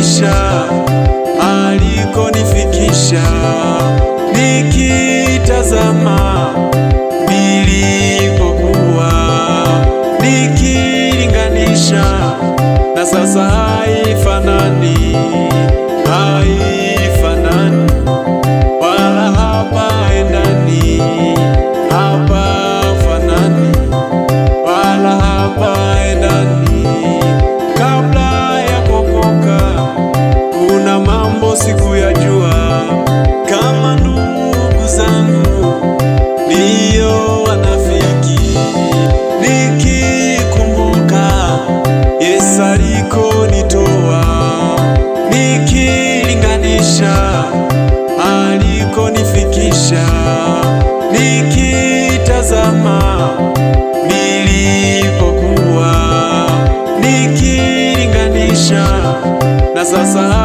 aliko alikonifikisha nikitazama sasa